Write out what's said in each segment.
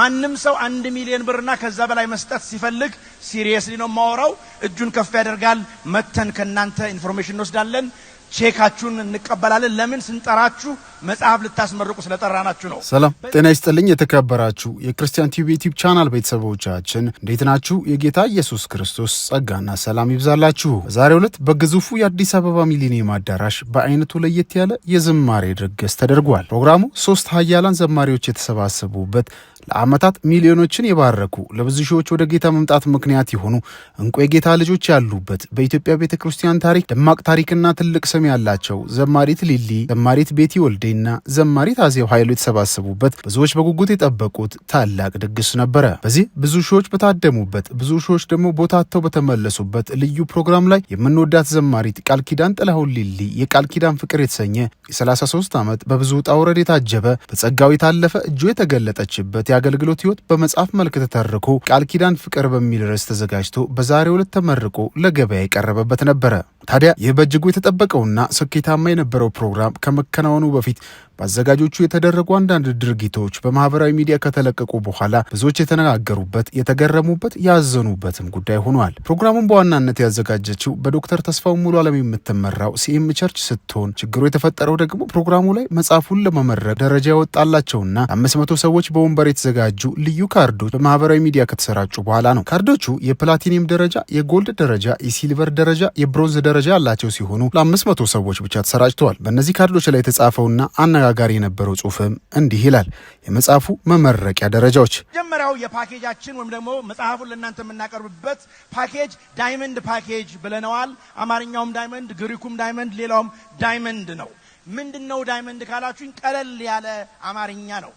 ማንም ሰው አንድ ሚሊዮን ብርና ከዛ በላይ መስጠት ሲፈልግ ሲሪየስሊ ነው ማወራው እጁን ከፍ ያደርጋል። መተን ከእናንተ ኢንፎርሜሽን እንወስዳለን፣ ቼካችሁን እንቀበላለን። ለምን ስንጠራችሁ መጽሐፍ ልታስመርቁ ስለጠራናችሁ ነው። ሰላም ጤና ይስጥልኝ። የተከበራችሁ የክርስቲያን ቲቪ ዩቲብ ቻናል ቤተሰቦቻችን እንዴት ናችሁ? የጌታ ኢየሱስ ክርስቶስ ጸጋና ሰላም ይብዛላችሁ። ዛሬ ሁለት በግዙፉ የአዲስ አበባ ሚሊኒየም አዳራሽ በአይነቱ ለየት ያለ የዝማሬ ድግስ ተደርጓል። ፕሮግራሙ ሶስት ሀያላን ዘማሪዎች የተሰባሰቡበት ለአመታት ሚሊዮኖችን የባረኩ ለብዙ ሺዎች ወደ ጌታ መምጣት ምክንያት የሆኑ እንቁ የጌታ ልጆች ያሉበት በኢትዮጵያ ቤተ ክርስቲያን ታሪክ ደማቅ ታሪክና ትልቅ ስም ያላቸው ዘማሪት ሊሊ፣ ዘማሪት ቤቲ ወልዴና ዘማሪት አዜው ኃይሉ የተሰባሰቡበት ብዙዎች በጉጉት የጠበቁት ታላቅ ድግስ ነበረ። በዚህ ብዙ ሺዎች በታደሙበት ብዙ ሺዎች ደግሞ ቦታተው በተመለሱበት ልዩ ፕሮግራም ላይ የምንወዳት ዘማሪት ቃል ኪዳን ጥላሁን ሊሊ የቃል ኪዳን ፍቅር የተሰኘ የ33 ዓመት በብዙ ውጣ ውረድ የታጀበ በጸጋው የታለፈ እጁ የተገለጠችበት የአገልግሎት ህይወት በመጽሐፍ መልክ ተተርኮ ቃል ኪዳን ፍቅር በሚል ርዕስ ተዘጋጅቶ በዛሬው ዕለት ተመርቆ ለገበያ የቀረበበት ነበረ። ታዲያ ይህ በእጅጉ የተጠበቀውና ስኬታማ የነበረው ፕሮግራም ከመከናወኑ በፊት በአዘጋጆቹ የተደረጉ አንዳንድ ድርጊቶች በማህበራዊ ሚዲያ ከተለቀቁ በኋላ ብዙዎች የተነጋገሩበት፣ የተገረሙበት፣ ያዘኑበትም ጉዳይ ሆኗል። ፕሮግራሙን በዋናነት ያዘጋጀችው በዶክተር ተስፋው ሙሉ ዓለም የምትመራው ሲኤም ቸርች ስትሆን ችግሩ የተፈጠረው ደግሞ ፕሮግራሙ ላይ መጽሐፉን ለመመረቅ ደረጃ የወጣላቸውና አምስት መቶ ሰዎች በወንበር የተዘጋጁ ልዩ ካርዶች በማህበራዊ ሚዲያ ከተሰራጩ በኋላ ነው። ካርዶቹ የፕላቲኒየም ደረጃ፣ የጎልድ ደረጃ፣ የሲልቨር ደረጃ፣ የብሮንዝ ደረጃ ያላቸው ሲሆኑ ለአምስት መቶ ሰዎች ብቻ ተሰራጭተዋል። በእነዚህ ካርዶች ላይ የተጻፈውና አነጋ ጋር የነበረው ጽሁፍም እንዲህ ይላል። የመጽሐፉ መመረቂያ ደረጃዎች መጀመሪያው የፓኬጃችን ወይም ደግሞ መጽሐፉን ለእናንተ የምናቀርብበት ፓኬጅ ዳይመንድ ፓኬጅ ብለነዋል። አማርኛውም ዳይመንድ፣ ግሪኩም ዳይመንድ፣ ሌላውም ዳይመንድ ነው። ምንድን ነው ዳይመንድ ካላችሁኝ ቀለል ያለ አማርኛ ነው።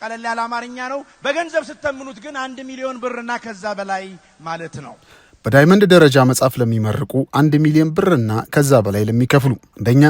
ቀለል ያለ አማርኛ ነው። በገንዘብ ስተምኑት ግን አንድ ሚሊዮን ብር እና ከዛ በላይ ማለት ነው። በዳይመንድ ደረጃ መጽሐፍ ለሚመርቁ አንድ ሚሊዮን ብርና ከዛ በላይ ለሚከፍሉ፣ አንደኛ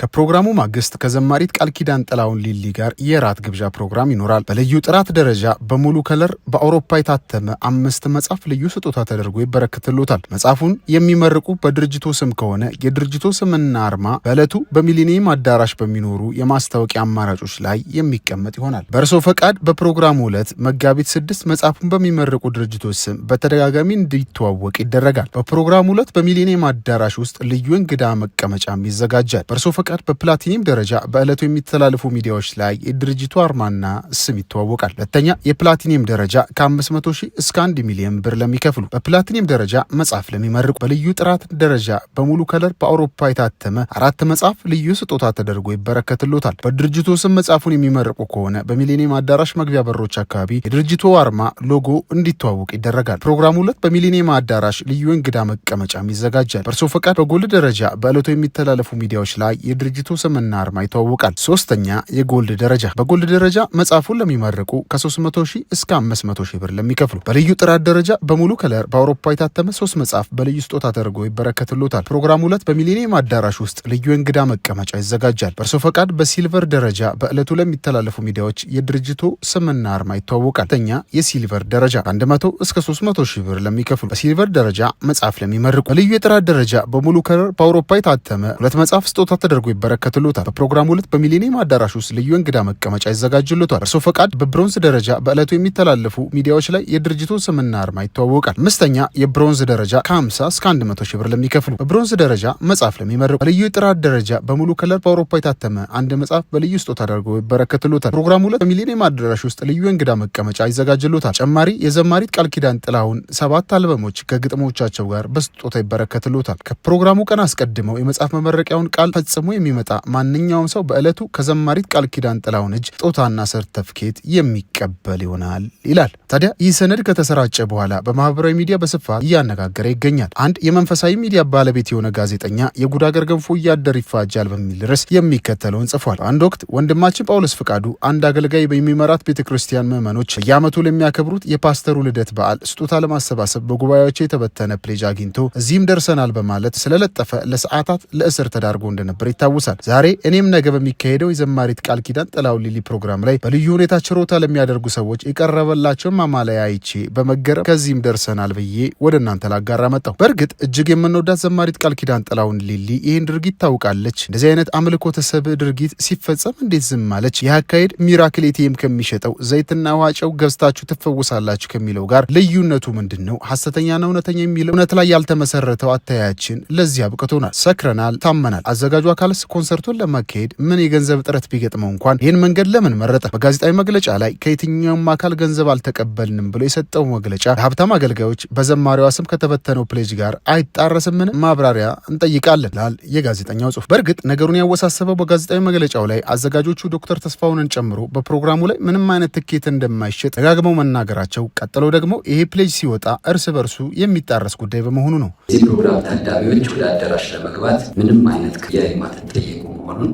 ከፕሮግራሙ ማግስት ከዘማሪት ቃል ኪዳን ጥላውን ሊሊ ጋር የራት ግብዣ ፕሮግራም ይኖራል። በልዩ ጥራት ደረጃ በሙሉ ከለር በአውሮፓ የታተመ አምስት መጽሐፍ ልዩ ስጦታ ተደርጎ ይበረክትሎታል። መጽሐፉን የሚመርቁ በድርጅቶ ስም ከሆነ የድርጅቶ ስምና አርማ በዕለቱ በሚሊኒየም አዳራሽ በሚኖሩ የማስታወቂያ አማራጮች ላይ የሚቀመጥ ይሆናል። በእርሶ ፈቃድ በፕሮግራሙ ዕለት መጋቢት ስድስት መጽሐፉን በሚመርቁ ድርጅቶች ስም በተደጋጋሚ እንዲተዋወቅ ይደረጋል። በፕሮግራሙ ዕለት በሚሊኒየም አዳራሽ ውስጥ ልዩ እንግዳ መቀመጫም ይዘጋጃል። በእርሶ ፈቃድ በፕላቲኒየም ደረጃ በዕለቱ የሚተላለፉ ሚዲያዎች ላይ የድርጅቱ አርማና ስም ይተዋወቃል። ሁለተኛ የፕላቲኒየም ደረጃ ከ500 ሺህ እስከ 1 ሚሊዮን ብር ለሚከፍሉ፣ በፕላቲኒየም ደረጃ መጽሐፍ ለሚመርቁ፣ በልዩ ጥራት ደረጃ በሙሉ ከለር በአውሮፓ የታተመ አራት መጽሐፍ ልዩ ስጦታ ተደርጎ ይበረከትሎታል። በድርጅቱ ስም መጽሐፉን የሚመርቁ ከሆነ በሚሊኒየም አዳራሽ መግቢያ በሮች አካባቢ የድርጅቱ አርማ ሎጎ እንዲተዋወቅ ይደረጋል። ፕሮግራሙ ዕለት በሚሊኒየም አዳራሽ አዳራሽ ልዩ እንግዳ መቀመጫም ይዘጋጃል። በእርሶ ፈቃድ በጎልድ ደረጃ በዕለቱ የሚተላለፉ ሚዲያዎች ላይ የድርጅቱ ስምና አርማ ይተዋወቃል። ሶስተኛ የጎልድ ደረጃ በጎልድ ደረጃ መጽሐፉን ለሚመርቁ ከ300 ሺህ እስከ 500 ሺህ ብር ለሚከፍሉ በልዩ ጥራት ደረጃ በሙሉ ከለር በአውሮፓ የታተመ ሶስት መጽሐፍ በልዩ ስጦታ ተደርጎ ይበረከትሎታል። ፕሮግራም ሁለት በሚሊኒየም አዳራሽ ውስጥ ልዩ እንግዳ መቀመጫ ይዘጋጃል። በእርሶ ፈቃድ በሲልቨር ደረጃ በዕለቱ ለሚተላለፉ ሚዲያዎች የድርጅቱ ስምና አርማ ይተዋወቃል። ተኛ የሲልቨር ደረጃ ከ100 እስከ 300 ሺህ ብር ለሚከፍሉ በሲልቨር በጥራት ደረጃ መጽሐፍ ለሚመርቁ በልዩ የጥራት ደረጃ በሙሉ ከለር በአውሮፓ የታተመ ሁለት መጽሐፍ ስጦታ ተደርጎ ይበረከትሎታል። በፕሮግራሙ ዕለት በሚሊኒየም አዳራሽ ውስጥ ልዩ እንግዳ መቀመጫ ይዘጋጅሎታል። እርሶ ፈቃድ በብሮንዝ ደረጃ በዕለቱ የሚተላለፉ ሚዲያዎች ላይ የድርጅቱ ስምና አርማ ይተዋወቃል። አምስተኛ የብሮንዝ ደረጃ ከ50 እስከ 100 ሺህ ብር ለሚከፍሉ በብሮንዝ ደረጃ መጽሐፍ ለሚመርቁ በልዩ የጥራት ደረጃ በሙሉ ከለር በአውሮፓ የታተመ አንድ መጽሐፍ በልዩ ስጦታ ተደርጎ ይበረከትሎታል። ፕሮግራሙ ዕለት በሚሊኒየም አዳራሽ ውስጥ ልዩ እንግዳ መቀመጫ ይዘጋጅሎታል። ጨማሪ የዘማሪት ቃል ኪዳን ጥላሁን ሰባት አልበሞች ከግጥሞቻቸው ጋር በስጦታ ይበረከትሎታል። ከፕሮግራሙ ቀን አስቀድመው የመጽሐፍ መመረቂያውን ቃል ፈጽሞ የሚመጣ ማንኛውም ሰው በዕለቱ ከዘማሪት ቃል ኪዳን ጥላሁን እጅ ጦታና ሰርተፍኬት የሚቀበል ይሆናል ይላል። ታዲያ ይህ ሰነድ ከተሰራጨ በኋላ በማህበራዊ ሚዲያ በስፋት እያነጋገረ ይገኛል። አንድ የመንፈሳዊ ሚዲያ ባለቤት የሆነ ጋዜጠኛ የጉድ አገር ገንፎ እያደር ይፋጃል በሚል ርዕስ የሚከተለውን ጽፏል። አንድ ወቅት ወንድማችን ጳውሎስ ፍቃዱ አንድ አገልጋይ በሚመራት ቤተ ክርስቲያን ምዕመኖች በየዓመቱ ለሚያከብሩት የፓስተሩ ልደት በዓል ስጦታ ለማሰባሰብ በጉባኤዎች የተበተነ ፕሌጅ አግኝቶ እዚህም ደርሰናል በማለት ስለለጠፈ ለሰዓታት ለእስር ተዳርጎ እንደነበር ይታወሳል። ዛሬ እኔም ነገ በሚካሄደው የዘማሪት ቃል ኪዳን ጥላሁን ሊሊ ፕሮግራም ላይ በልዩ ሁኔታ ችሮታ ለሚያደርጉ ሰዎች የቀረበላቸውን ማማለያ አይቼ በመገረም ከዚህም ደርሰናል ብዬ ወደ እናንተ ላጋራ መጣሁ። በእርግጥ እጅግ የምንወዳት ዘማሪት ቃል ኪዳን ጥላሁን ሊሊ ይህን ድርጊት ታውቃለች። እንደዚህ አይነት አምልኮተ ሰብእ ድርጊት ሲፈጸም እንዴት ዝም አለች? ይህ አካሄድ ሚራክል ኤቲኤም ከሚሸጠው ዘይትና ዋጨው ገዝታችሁ ትፈውሳላችሁ ከሚለው ጋር ልዩነቱ ምንድን ነው? ሀሰተኛ ነው እውነተኛ የሚል እውነት ላይ ያልተመሰረተው አተያያችን ለዚህ አብቅቶናል። ሰክረናል፣ ታመናል። አዘጋጁ አካልስ ኮንሰርቱን ለማካሄድ ምን የገንዘብ እጥረት ቢገጥመው እንኳን ይህን መንገድ ለምን መረጠ? በጋዜጣዊ መግለጫ ላይ ከየትኛውም አካል ገንዘብ አልተቀበልንም ብሎ የሰጠው መግለጫ የሀብታም አገልጋዮች በዘማሪዋ ስም ከተበተነው ፕሌጅ ጋር አይጣረስምን? ማብራሪያ እንጠይቃለን ላል የጋዜጠኛው ጽሁፍ። በእርግጥ ነገሩን ያወሳሰበው በጋዜጣዊ መግለጫው ላይ አዘጋጆቹ ዶክተር ተስፋውንን ጨምሮ በፕሮግራሙ ላይ ምንም አይነት ትኬት እንደማይሸጥ ደጋግመው መናገራቸው፣ ቀጥለው ደግሞ ይሄ ፕሌጅ ሲወጣ እርስ በርሱ የሚጣረስ ጉዳይ በመሆኑ ነው። የዚህ ፕሮግራም ታዳሚዎች ወደ አዳራሽ ለመግባት ምንም አይነት ክፍያ የማትጠየቁ መሆኑን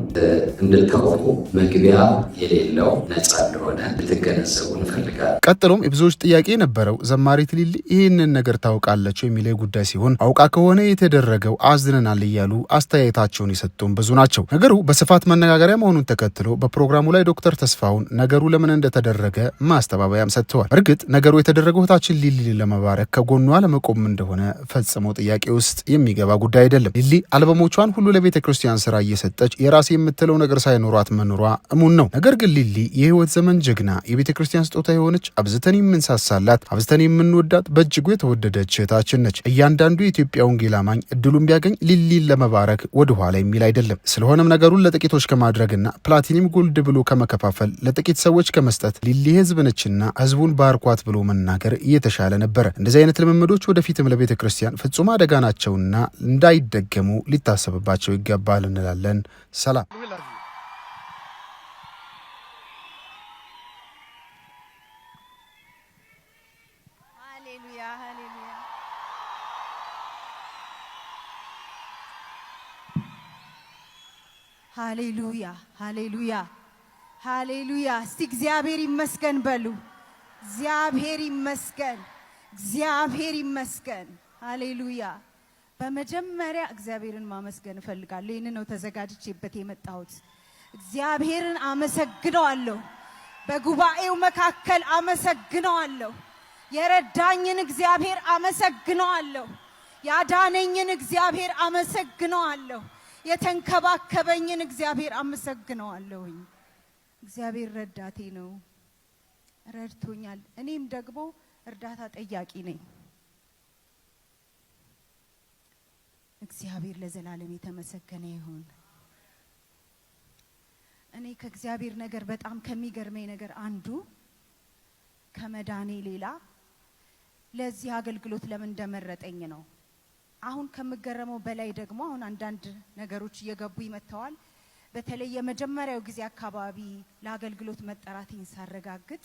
እንድታውቁ መግቢያ የሌለው ነጻ እንደሆነ ልትገነዘቡ እንፈልጋለን። ቀጥሎም የብዙዎች ጥያቄ የነበረው ዘማሪ ሊሊ ይህንን ነገር ታውቃለች የሚለው ጉዳይ ሲሆን አውቃ ከሆነ የተደረገው አዝነናል እያሉ አስተያየታቸውን የሰጡም ብዙ ናቸው። ነገሩ በስፋት መነጋገሪያ መሆኑን ተከትሎ በፕሮግራሙ ላይ ዶክተር ተስፋውን ነገሩ ለምን እንደተደረገ ማስተባበያም ሰጥተዋል። እርግጥ ነገሩ የተደረገው እህታችን ሊሊ ለመባረክ ከጎኗ ለመቆም እንደሆነ ፈጽሞ ጥያቄ ውስጥ የሚገባ ጉዳይ አይደለም። ሊሊ አልበሞቿን ሁሉ ለቤተ ክርስቲያን ስራ እየሰጠች የራሴ የምትለው ነገር ሳይኖሯት መኖሯ እሙን ነው። ነገር ግን ሊሊ የህይወት ዘመን ጀግና፣ የቤተ ክርስቲያን ስጦታ የሆነች አብዝተን የምንሳሳላት አብዝተን የምንወዳት በእጅጉ የተወደደች እህታችን ነች። እያንዳንዱ የኢትዮጵያ ወንጌል አማኝ እድሉን ቢያገኝ ሊሊን ለመባረክ ወደኋላ የሚል አይደለም። ስለሆነም ነገሩን ለጥቂቶች ከማድረግና ፕላቲኒም ጎልድ ብሎ ከመከፋፈል ለጥቂት ሰዎች ከመስጠት ሊሊ ህዝብ ነችና ህዝቡን ባርኳት ብሎ መናገር እየተሻለ ነበረ። እንደዚህ አይነት ልምምዶች ወደፊትም ለቤተ ክርስቲያን ፍጹም አደጋ ናቸውና እንዳይደገሙ ሊታሰብባቸው ይገባል እንላለን። ሰላም። ሃሌሉያ ሃሌሉያ ሃሌሉያ። እስቲ እግዚአብሔር ይመስገን በሉ። እግዚአብሔር ይመስገን፣ እግዚአብሔር ይመስገን። ሃሌሉያ በመጀመሪያ እግዚአብሔርን ማመስገን እፈልጋለሁ። ይህን ነው ተዘጋጅቼበት የመጣሁት። እግዚአብሔርን አመሰግነዋለሁ። በጉባኤው መካከል አመሰግነዋለሁ። የረዳኝን እግዚአብሔር አመሰግነዋለሁ። ያዳነኝን እግዚአብሔር አመሰግነዋለሁ። የተንከባከበኝን እግዚአብሔር አመሰግነዋለሁኝ። እግዚአብሔር ረዳቴ ነው፣ ረድቶኛል። እኔም ደግሞ እርዳታ ጠያቂ ነኝ። እግዚአብሔር ለዘላለም የተመሰገነ ይሁን። እኔ ከእግዚአብሔር ነገር በጣም ከሚገርመኝ ነገር አንዱ ከመዳኔ ሌላ ለዚህ አገልግሎት ለምን እንደመረጠኝ ነው። አሁን ከምገረመው በላይ ደግሞ አሁን አንዳንድ ነገሮች እየገቡ ይመጥተዋል። በተለይ የመጀመሪያው ጊዜ አካባቢ ለአገልግሎት መጠራቴን ሳረጋግጥ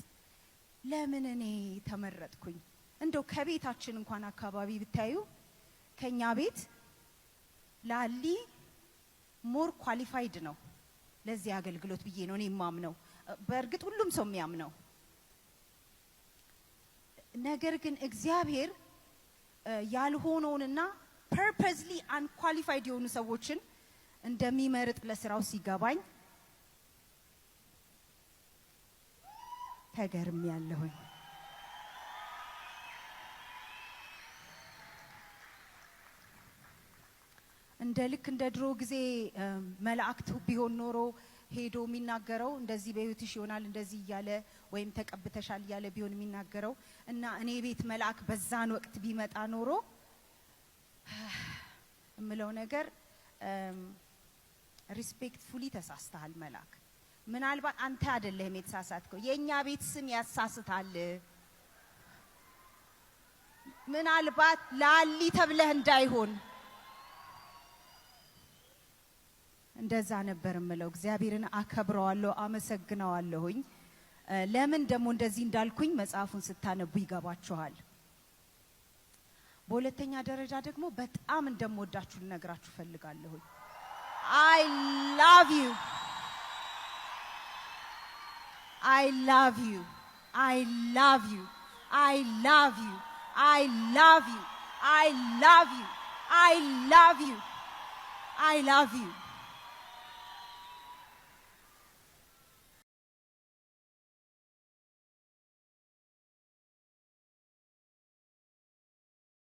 ለምን እኔ ተመረጥኩኝ? እንደው ከቤታችን እንኳን አካባቢ ብታዩ ከኛ ቤት ላሊ ሞር ኳሊፋይድ ነው ለዚህ አገልግሎት ብዬ ነው እኔ የማምነው። በእርግጥ ሁሉም ሰው የሚያምነው ነገር ግን እግዚአብሔር ያልሆነውንና ፐርፐዝሊ አንኳሊፋይድ የሆኑ ሰዎችን እንደሚመርጥ ለስራው ሲገባኝ ተገርም ያለሁኝ። እንደ ልክ እንደ ድሮ ጊዜ መላእክት ቢሆን ኖሮ ሄዶ የሚናገረው እንደዚህ በህይወትሽ ይሆናል እንደዚህ እያለ ወይም ተቀብተሻል እያለ ቢሆን የሚናገረው እና እኔ ቤት መልአክ በዛን ወቅት ቢመጣ ኖሮ የምለው ነገር ሪስፔክትፉሊ ተሳስተሃል መልአክ፣ ምናልባት አንተ አይደለህም የተሳሳትከው፣ የእኛ ቤት ስም ያሳስታል። ምናልባት ላሊ ተብለህ እንዳይሆን እንደዛ ነበር ምለው። እግዚአብሔርን አከብረዋለሁ፣ አመሰግነዋለሁኝ። ለምን ደግሞ እንደዚህ እንዳልኩኝ መጽሐፉን ስታነቡ ይገባችኋል። በሁለተኛ ደረጃ ደግሞ በጣም እንደምወዳችሁ ልነግራችሁ ፈልጋለሁኝ። አይ ላቭ ዩ አይ ላቭ ዩ አይ ላቭ ዩ አይ ላቭ ዩ አይ ላቭ ዩ አይ ላቭ ዩ አይ ላቭ ዩ አይ ላቭ ዩ